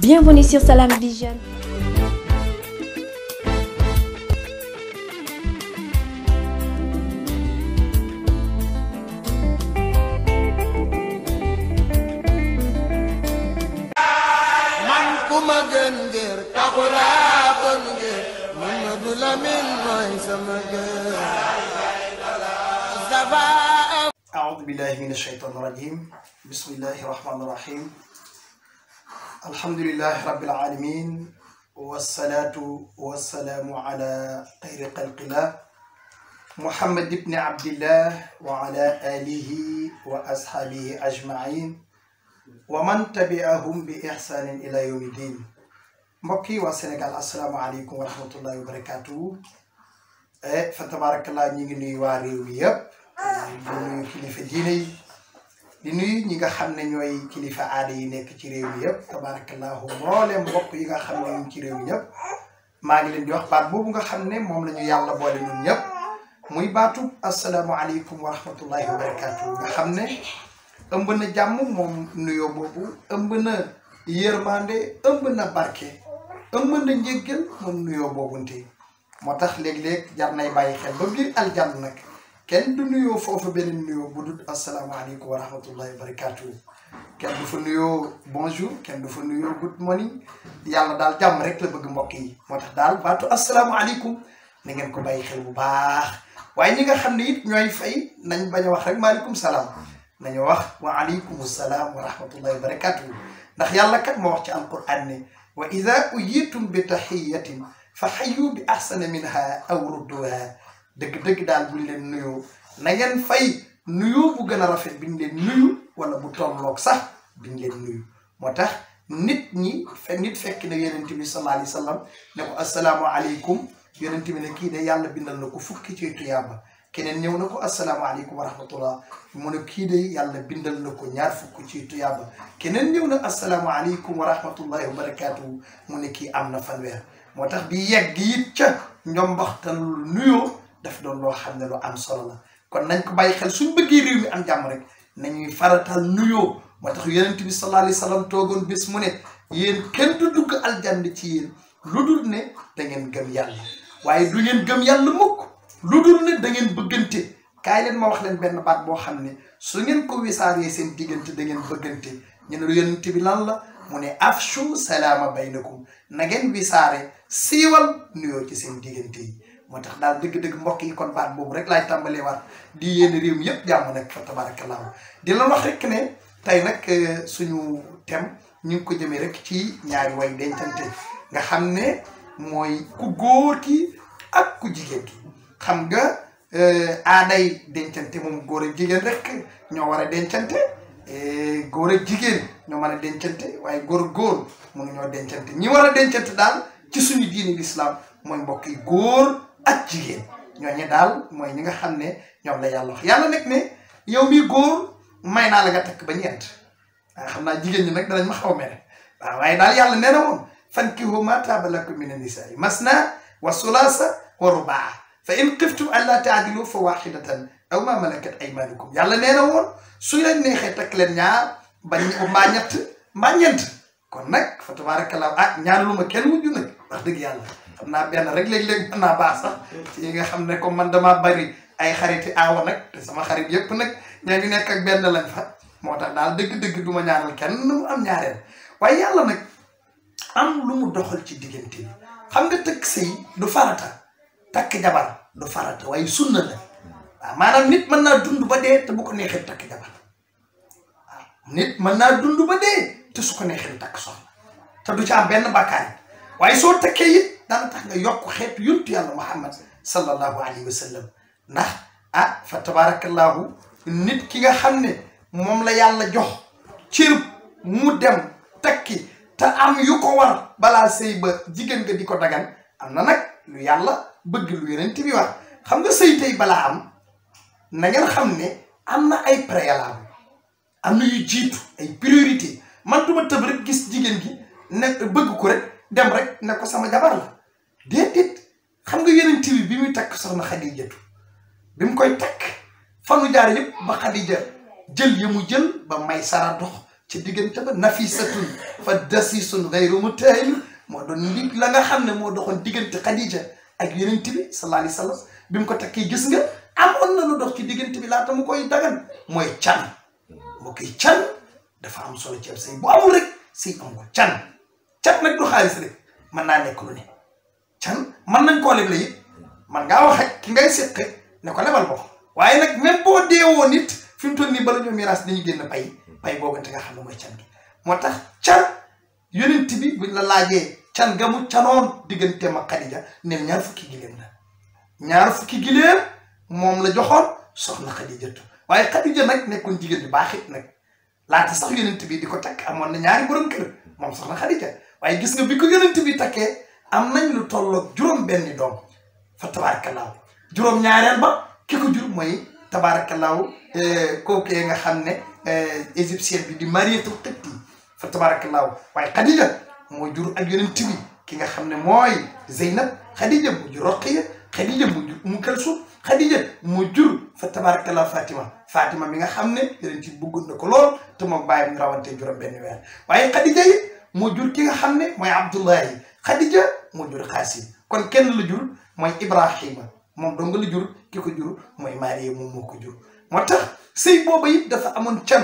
Bienvenue sur Salam Vision. أعوذ بالله من الشيطان الرجيم بسم الله الرحمن الرحيم alhamdulilahi rabbil alamin wasalaatu wasalaamu ala xayri xalqillah muhammad ibni abdillah wa ala alihi wa ashaabihi ajmain wa man tabiahum bi ihsanin ila yawmi din mbokk yi waa sénégal asalaamualeykum wa rahmatullahi wa barakatuhu eh, fa tabarakallah ñi ngi nuyu waa réew mi yëpp ñu nuyu kilifa diine yi di nuyu ñi nga xam ne ñooy kilifa aada yi nekk ci réew mi yëpp tabaarakallaahu mboolem mbokk yi nga xam ne ñu ci réew mi maa ngi leen di wax baat boobu nga xam ne moom la ñu yàlla boole ñun ñëpp muy baatu asalaamualeykum wa rahmatullahi wa barakaatu nga xam ne ëmb na jàmm moom nuyoo boobu ëmb na yërmande ëmb na barke ëmb na njéggal moom nuyoo boobunte moo tax léeg-léeg jar nay bàyyi xel ba biir aljanna nag kenn du nuyoo foofu benn nuyoo bu dul asalaamaaleykum wa rahmatullahi wa barakaatu kenn du fa nuyoo bonjour kenn du fa nuyoo good morning yàlla daal jàmm rek la bëgg mbokk yi moo daal baatu asalaamaaleykum na ngeen ko bàyyi xel bu baax waaye ñi nga xam ne it ñooy fay nañ bañ a wax rek maaleykum salaam nañu wax wa aleykum salaam wa rahmatullahi wa barakaatu nax yàlla kat moo wax ci alquran ne wa ida uyitum bi taxiyatin fa xayu bi axsana minha aw rudduha dëgg-dëgg daal buñ leen nuyoo na ngeen fay nuyoo bu gën a rafet biñ leen nuyu wala bu tolloog sax biñ leen nuyu moo tax nit ñi fe nit fekk na yonent bi sallallahu alayhi wasallam ne ko assalaamu aleykum yonent bi ne kii de yàlla bindal na ko fukki ci keneen ñëw ko assalaamu wa rahmatullah mu ne kii de yàlla bindal na ko ñaar fukk ci tuyaaba keneen ñëw na assalaamu aleykum wa rahmatullahi wa barakaatu mu ne kii am na fanweer moo tax di yegg it ca njombaxtan lu nuyoo def doon loo xam ne loo am solo la kon nañ ko bàyyi xel suñ bëggee réew mi am jàmm rek nañuy faratal nuyoo moo tax yonent bi sallallahu alayhi wa sallam toogoon bis mu ne yéen kenn du dugg aljanna ci lu dul ne da ngeen gëm yàlla waaye du ngeen gëm yàlla mukk lu dul ne da ngeen bëggante kaay leen ma wax leen benn baat boo xam ne su ngeen ko wisaaree seen diggante da ngeen bëggante ñu ne yonent bi lan la mu ne afshu salaama baynakum na ngeen wisaare siiwal nuyoo ci seen diggante yi moo tax daal dëgg-dëgg mbokk yi kon baat boobu rek laay tàmbalee waat di yéen réew mi yëpp jàmm nag fa tabarakallah di la wax rek ne tey nag euh, suñu thème ñu ngi ko jëmee rek ci ñaari way dencante nga xam ne mooy ku góor ki ak ku jigéen ki xam nga euh, aaday dencante moom góor ak jigéen rek ñoo war a dencante euh, góor ak jigéen ñoo mën a dencante waaye góor góor mënu ñoo dencante ñi war a dencante daal ci suñu diini lislaam mooy mbokk yi góor ak jigéen ñooñu daal mooy ñi nga xam ne ñoom lay yàlla wax yàlla nag ne yow mii góor may naa la nga takk ba ñeent waaw ah, xam naa jigéen ñi nag danañ ma xaw a mere waaw ah, waaye daal yàlla nee na woon fankihu ma taaba lakum min annisaai masna wa sulaasa wa rubaa fa in xiftum allaa taadilu fa waxidatan aw ma malakat aymanukum yàlla nee na woon su leen neexee takk leen ñaar ba mbaa kon nag fa tabaarakallah ah ñaanaluma kenn mujj nag wax dëgg yàlla xam naa benn rek léeg-léeg mën naa baax sax ci yi nga xam ne comme man damaa bari ay xariti aawa nag te sama xarit yëpp nag ña ñu nekk ak benn lañ fa moo tax daal dëgg-dëgg du ma ñaanal kenn mu am ñaareel waaye yàlla nag am lu mu doxal ci diggante bi xam nga tëkk sëy du farata takk jabar du farata waaye sunna la waaw maanaam nit mën naa dund ba dee te bu ko neexee takk jabar nit mën naa dund ba dee te su ko neexee takk soxna te du ci am benn bakkaar dana tax nga yokk xeetu yuntu yàlla muhammad sallallahu alayhi wa sallam ndax ah fa tabarakallahu nit ki nga xam ne moom la yàlla jox cër mu dem takki te am yu ko war balaa sëy ba jigéen nga di ko dagan am na nag lu yàlla bëgg lu yonent bi wax xam nga sëy tey balaa am na ngeen xam ne am na ay préalable am na yu jiitu ay priorité man duma tëb rek gis jigéen gi ne bëgg ko rek dem rek ne ko sama jabar la déedéet xam nga yeneen bi bi muy takk soxna Xadijatu bi mu koy takk fanu jaar yëpp ba Xadija jël yi mu jël ba may sara dox ci diggante ba nafisatun fa dasisun gayru mutahin moo doon la nga xam ne moo doxoon diggante Xadija ak yeneen bi sallallahu alayhi wasallam bi mu ko takkee gis nga amoon na lu dox ci diggante bi laata mu koy dagan mooy can moo koy can dafa am solo ci ab sëy bu amul rek sëy amul can can nag du xaalis rek mën naa nekk lu ne mën nañ koo leble it man nga wax ak ki ngay seq ne ko lebal ko waaye nag même boo deewoo nit fi mu toll nii bala ñu miraas dañu génn pay pay boobante nga xam ne mooy can moo tax can yonent bi buñ la laajee can ga mu diggante ma Xadija ne ñaar fukki gileem la ñaar fukki gileem moom la joxoon soxna Xadijatu waaye Xadija nag nekkoon jigéen bi baaxit nag laata sax yonent bi di ko takk amoon na ñaari borom kër moom soxna Xadija waaye gis nga bi ko yonent bi takkee am nañ lu tolloog juróom benni doom fa tabaarakallaahu juróom ñaareel ba ki ko jur mooy tabaarakallaahu eh, kooku nga xam ne eh, égyptienne bi di Mariétu tëkk fa tabaarakallaahu waaye Khadija moo jur ak yeneen tibi ki nga xam ne mooy Zeynab Khadija mu jur Roqiya Khadija mu jur Umu Kalsum Khadija mu jur fa tabaarakallaahu Fatima Fatima mi nga xam ne yeneen ci bëggoon na ko lool te moom bàyyam ñu rawante juróom benni weer waaye Khadija yi moo jur ki nga xam ne mooy Abdullahi xadija moo jur xaasim kon kenn la jur mooy ibrahima moom dong la jur ki ko jur mooy maariya moom moo ko jur moo tax sëy booba it dafa amoon can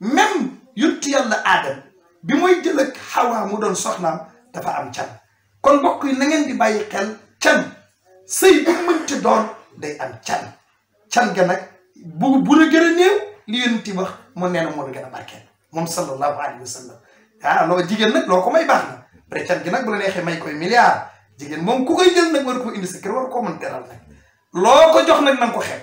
même yuttu yàlla aadam bi mooy jël ak xawaa mu doon soxnaam dafa am can kon mbokk yi na ngeen di bàyyi xel can sëy bu mënti doon day am can can ga nag bu bu la gën a néew li yonent wax mu nee na moo la gën a barkeel moom sallallahu alayhi wa sallam ah loo jigéen loo ko may baax na après cat gi nag bu la neexee may koy milliard jigéen moom ku koy jël nag war ko indi sa kër war koo mën teral nag loo ko jox nag na ko xeeb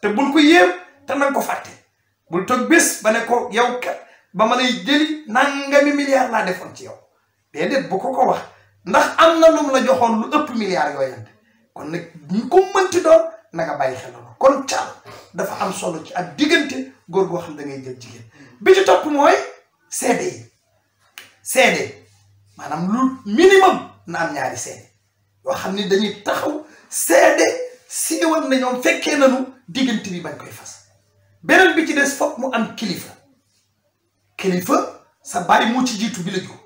te bul ko yéem te na ko fàtte bul toog bés ba ne ko yow kat ba ma lay jëli nangami milliard laa defoon ci yow déedéet bu ko ko wax ndax am na lum la joxoon lu ëpp milliard yooyante kon nag ñu ko mënti doon na nga bàyyi xel loolu kon cal dafa am solo ci ab diggante góor goo xam da ngay jël jigéen bi ci topp mooy seede yi maanaam lu minimum na am ñaari seede yoo xam ni dañuy taxaw seede siiwal na ñoom fekkee nañu diggante bi bañ koy fas beneen bi ci des foog mu am kilifa kilifa sa bàyyi mu ci jiitu bi la jur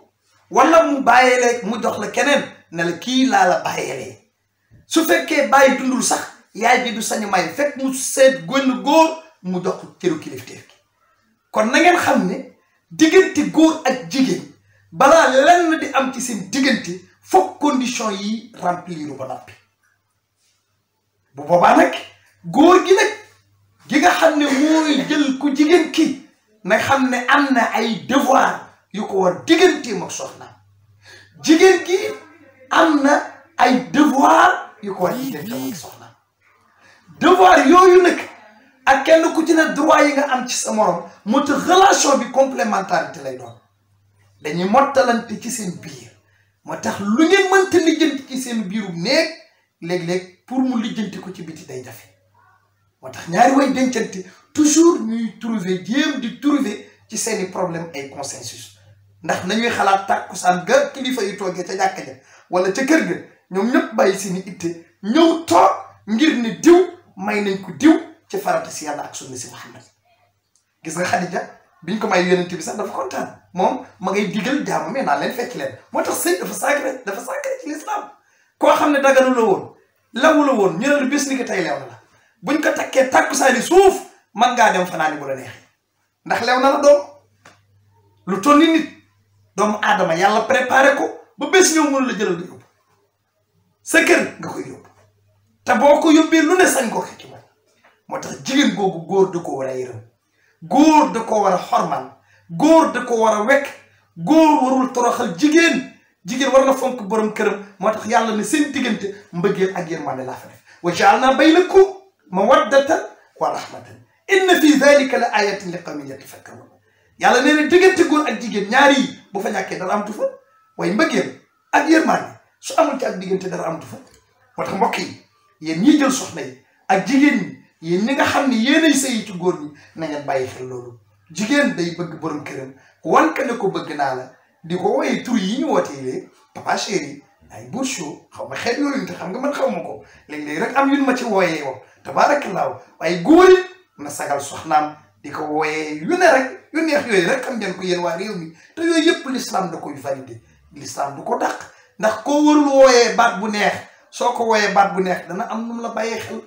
wala mu bàyyeele mu jox la keneen ne la kii laa la bàyyeelee su fekkee bàyyi dundul sax yaay bi du sañu may fekk mu seet gën góor mu jox cëru kilifteef gi kon na ngeen xam ne diggante góor ak jigéen balaa lenn di am ci seen diggante foog condition yi rempliru ba noppi bu boobaa nag góor gi nag gi nga xam ne mooy jël ku jigéen ki na xam ne am na ay devoir yu ko war digganteem ak soxnaam jigéen gi am na ay devoir yu ko war digganteem yooyu nag ak kenn ku ci ne droit yi nga am ci sa morom moo tax relation bi complémentarité lay doon dañuy mottalante ci seen biir moo tax lu ngeen mënta lijjanti ci seen biirum néeg léeg-léeg pour mu lijjanti ko ci biti day jafe moo tax ñaari way dencante toujours ñuy trouver jéem di trouver ci seeni problème ay consensus ndax nañuy xalaat tàkkusaan ga kilifa yu toogee ca jàkka ja wala ca kër ga ñoom ñëpp bàyyi seeni itte ñëw toog ngir ne diw may nañ ko diw ci farata si yàlla ak sunna si Muhammad gis nga Xadija biñ ko may yonent bi sax dafa kontaan moom ma ngay digal jàmm mais naa leen fekk leen moo tax sëy dafa sacré dafa sacré ci l'islam koo xam ne daganu la woon lawu la woon ñu ne lu bis ni ko tey lew na la ko takkee takku saa ni suuf man ngaa dem fanaani bu la ndax lew na la doom lu tonni nit doomu aadama yàlla préparé ko ba bés ñëw mënu la jëlal di yóbbu sa nga koy yóbbu te boo ko yóbbee lu ne sañ ko xekki moom moo tax jigéen googu góor di ko war a yërëm góor da ko war a xormal góor da ko war a wekk góor warul toroxal jigéen jigéen war na fonk borom këram moo tax yàlla ne seen diggante mbëggeel ak yërmande laa fa def wa jaalna baynakum mawaddatan wa rahmatan inna fi dalika la ayatin li qawmin yatafakkarun yàlla nee na diggante góor ak jigéen ñaari yi bu fa ñàkkee dara amtu fa waaye mbëggeel ak yërmande su amul ci ak diggante dara amtu fa moo tax mbokk yi yéen ñii jël soxna yi ak jigéen ñi yéen ñi nga xam ne yéenay sëyi ci góor ñi na bàyyi xel loolu jigéen day bëgg borom këram wan ka ne ko bëgg naa la di ko woyee tur yi ñu wootee lee papa chéri ay bourchou xaw ma xel yooyu te xam nga man xaw ma ko léeg-léeg rek am yun ma ci wooyee wax tabaarakallaahu waaye góor na sagal soxnaam di ko wooyee yu rek yu neex yooyu rek xam ngeen ko yéen waa réew mi te yooyu yëpp l'islam da koy validé l'islam du ko dàq ndax koo warul wooyee baat bu neex soo ko wooyee baat bu neex dana am nu la bàyyee xel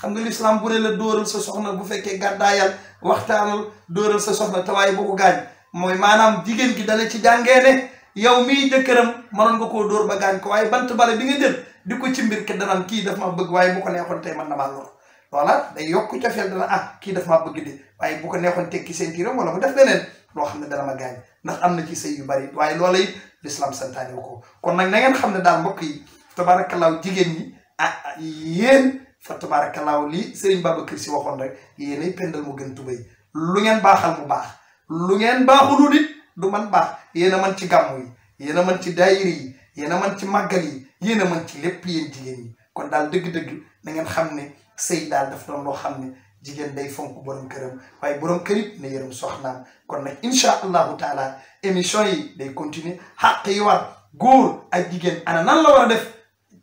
xam nga lislaam bu ne la dóoral sa soxna bu fekkee gàddaayal waxtaanal dóoral sa soxna tawaay bu ko gaañ mooy maanaam jigéen gi dana ci jàngee ne yow mii jëkkëram mënoon nga koo dóor ba gaañ ko waaye bant bale bi nga jël di ko ci mbir ke danaan kii daf ma bëgg waaye bu ko neexoon tey man na maa lor voilà day yokk cofeel dana ah kii daf maa bëgg de waaye bu ko neexoon tekki seen tiiram wala mu def beneen loo xam ne dana ma gaañ ndax am na ci sëy yu bari waaye loola it lislaam santaane ko kon nag na ngeen xam ne daal mbokk yi tabaarakalaaw jigéen ñi ah yéen fa tabaarakallaahu lii Serigne Babacar Sy waxoon rek yéenay pendal mu gën tubay lu ngeen baaxam mu baax lu ngeen baaxulul nit du man baax yéen a man ci gàmmu yi yéen a man ci daayiri yi yéen a man ci màggal yi yéen a man ci lépp yéen jigéen ñi kon daal dëgg-dëgg na ngeen xam ne sëy daal dafa doon loo xam ne jigéen day fonk borom këram waaye borom kër it na yërëm soxnaam kon nag incha allahu taala émission yi day continuer xàq yi war góor ak jigéen ana nan la war a def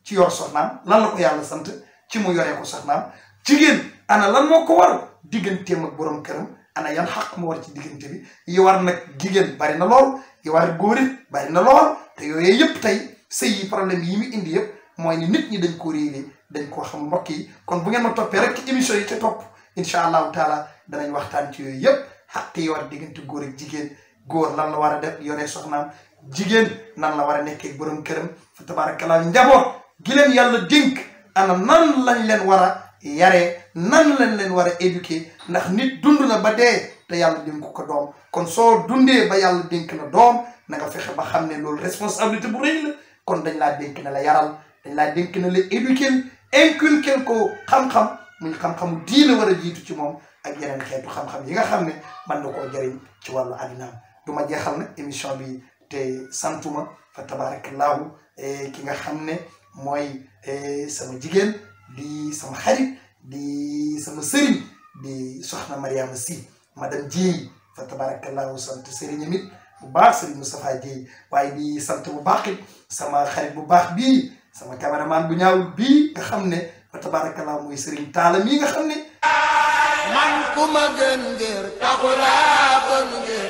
ci yor soxnaam lan la ko la sant ci mu yore ko soxnaam jigéen ana lan moo ko war digganteem ak borom këram ana yan xaq moo war ci diggante bi yi war jigéen bari na lool yi war góor it bari na lool te yooyu yëpp tey sëy yi problème yi mu indi yëpp mooy ni nit ñi dañ ko réeré dañ koo xam mbokk yi kon bu ngeen ma toppee rek ci yi ca topp incha allahu taala danañ waxtaan ci yooyu yëpp xaq yi war diggante góor ak jigéen góor lan la war a def yore soxna jigéen nan la war a nekkee borom këram fa tabaarakalaa njaboot gi ana nan lañ leen war a yare nan lañ leen war a éduquer ndax nit dund na ba dee te yàlla dénk ko doom kon soo dundee ba yàlla dénk na doom na nga fexe ba xam ne loolu responsabilité bu rëy la kon dañ laa dénk na la yaral dañ laa dénk na la éduquer inculquer ko xam-xam muy xam-xamu diina war a jiitu ci moom ak yeneen xeetu xam yi nga xam ne mën na koo jëriñ ci wàllu addinaam du ma jeexal nag émission bi te santuma fa tabaarakallaahu eh, ki nga xam ne mooy eh, sama jigéen bi sama xarit di sama sëriñ di soxna Mariama Sy madame Dieye fa tabarakallahu sant sëriñam it bu baax sëriñ Moustapha waaye di sant bu baax sama xarit bu baax bi sama caméraman bu ñaaw bii nga xam ne fa tabarakallahu mooy sëriñ Taala mii nga xam ne man ku gën ngir taxulaa bon ngir